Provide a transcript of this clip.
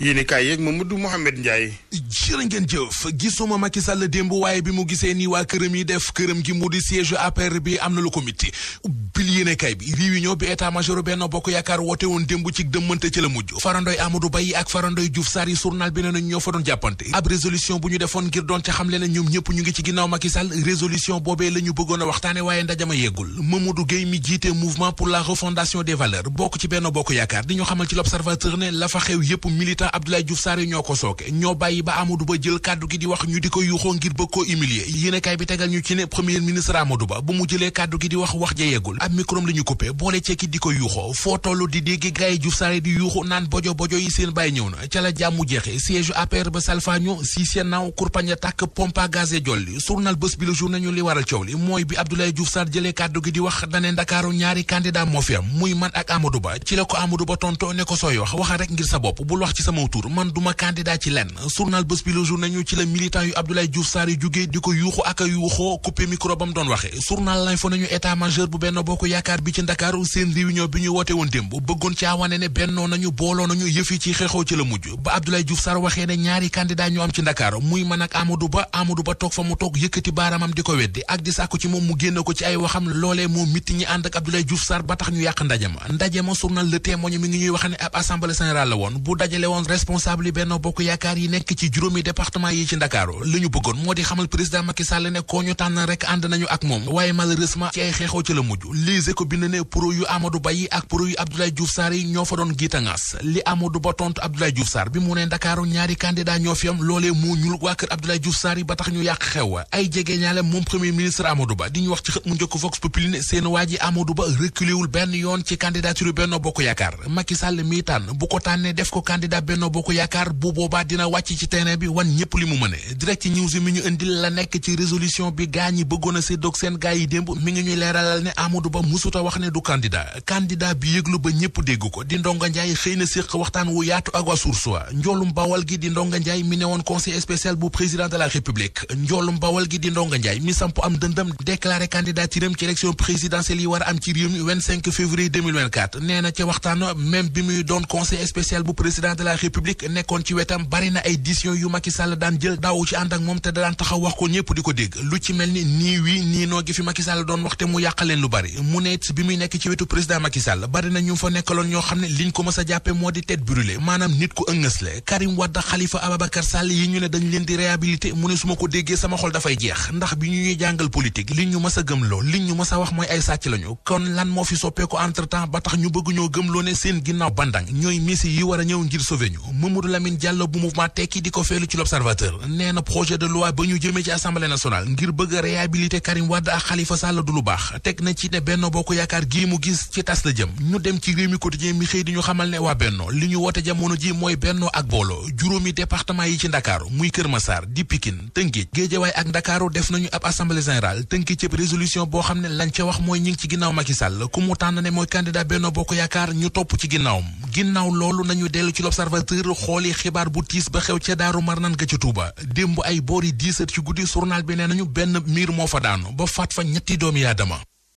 yéen i kaay yeeg Mamadou Mouhamed Ndiaye. jërë ngeen jëf gisuma ci Sall démb waaye bi mu gisee nii waa këram yi def këram gi mu di siège APR bi am na lu ko mitti pil yéene kay bi réunion bi état major Benno Bokk Yaakaar woote woon démb ci dëmmante ci la mujj farandoy Amadou Ba yi ak farandoy Diouf Sarr yi journal bi ne nañ ñoo fa doon jàppante ab résolution bu ñu defoon ngir doon ca xamle ne ñoom ñëpp ñu ngi ci ginnaaw Macky Sall résolution boobee la ñu bëggoon a waxtaane waaye ndajama yeggul Mamadou Gueye mi jiite mouvement pour la refondation des valeurs bokk ci Benno Bokk Yaakaar di ñu xamal ci l'observateur ne la fa xew yëpp militant yi ñoo ko sooke jël kàddu gi di wax ñu di ko yuuxoo ngir bëgg koo humilier yéene kay bi tegal ñu ci ne premier ministre Ba mu jëlee kàddu gi di wax wax ja yeggul ab micro la ñu coupé boole ceeki di ko yuuxoo foo tollu di dégg gars yi Diouf Sarr di yuuxu naan bojo bojo yi seen bàyyi ñëw na ca la jàmmu jeexe siège APR ba salfaaño si seen naaw kurpañ a tàkk pompa gazé jolli journal bés bi la jour nañu li waral coow li mooy bi Abdoulaye Diouf Sarr jëlee kàddu gi di wax dane Ndakaaru ñaari candidat moo am muy man ak Amadou Ba ci la ko Amadou Ba tonto ne ko sooy wax waxal rek ngir sa bopp bul wax ci sama tur man duma candidat ci lenn journal bés bi la jour nañu ci la militant yu Abdoulaye Diouf Sarr yu jógee di ko yuuxu ak a yuuxoo coupé doon waxe journal lañ fa nañu état bu benn bokk bokk yaakaar bi ci ndakaaru seen réunion bi ñu woote woon démb bëggoon caa wane ne bennoo nañu la mujj ba waxee ne ñaari candidat ñu am ci ndakaaru muy man ak Amadou Ba mu toog yëkkati baaramam di ko weddi ak di ko ci ay waxam loolee moo mitti ñi tax ñu yàq ndaje ma ndaje ma journal Le Témoin mi ngi ñuy wax ne ab assemblée générale woon bu dajale woon responsable yi Bokk Yaakaar yi nekk ci juróomi département yi ci ndakaaru li ñu bëggoon moo di xamal président Macky Sall ne koo ñu tànn rek ànd nañu ak moom waaye malheureusement ci ay xeexoo ci la mujj Les Échos bind ne pro yu Amadou Ba yi ak pro yu Abdoulaye Diouf yi ñoo fa doon giitangas li Amadou Ba tontu Abdoulaye Diouf bi mu ne Ndakaaru ñaari candidat ñoo fi loolee moo ñuul waa kër Abdoulaye Diouf yi ba tax ñu yàq xew ay jege ñaale moom premier ministre Amadou Ba di ñu wax ci xët mu njëkk Vox Populi seen waa ji Amadou Ba reculéwul benn yoon ci candidature Benno Bokk Yaakaar Macky Sall mi bu ko tànnee def ko candidat Benno a séddoog seen ba musuta wax ne du candidat candidat bi yëglu ba ñëpp dégg ko di Ndonga Ndiaye xëy na séq waxtaan wu yaatu ak waa Sourcoi njoolum bawal gi di Ndonga Ndiaye mi woon conseil spécial bu président de la République njoolum bawal gi di Ndonga Ndiaye mi samp am dëndam déclaré candidaturam ci élection présidentielle yi war am ci réew mi 25 février 2024 nee na ca waxtaan même bi muy doon conseil spécial bu président de la République nekkoon ci wetam bari na ay décision yu Macky Sall daan jël daawu ci ànd ak moom te daan taxaw wax ko ñëpp di ko dégg lu ci mel ni nii wii nii noo gi fi Macky Sall doon waxte mu yàqaleen lu bari mu ne bi muy nekk ci wetu président Macky Sall ñu fa nekkaloon ñoo xam ne liñ ko mës a jàppe moo di tête brûlée maanaam nit ko déggee a a a Karim Wade ak Khalifa Sall du lu baax teg na ci ne Benno Bokk Yaakaar gii mu gis ci tas la jëm ñu dem ci réew mi quotidien mi xëy di ñu xamal ne waa Benno li ñu woote jamono ji mooy Benno ak booloo juróomi département yi ci Ndakaaru muy Kër Masaar di Pikine Tëngéej Géejawaay ak Ndakaaru def nañu ab assemblée générale tënki cëb résolution boo xam ne lañ ca wax mooy ñi ngi ci ginnaaw Macky Sall ku mu tànn ne mooy candidat Benno Bokk Yaakaar ñu topp ci ginnaawam ginnaaw loolu nañu dellu ci l'observateur xooli xibaar bu tiis ba xew ca Daaru Marnaan ga ci Tuuba démb ay boori 10 heures ci guddi journal bi nee nañu benn miir moo fa daanu ba faat fa ñetti doomi aadama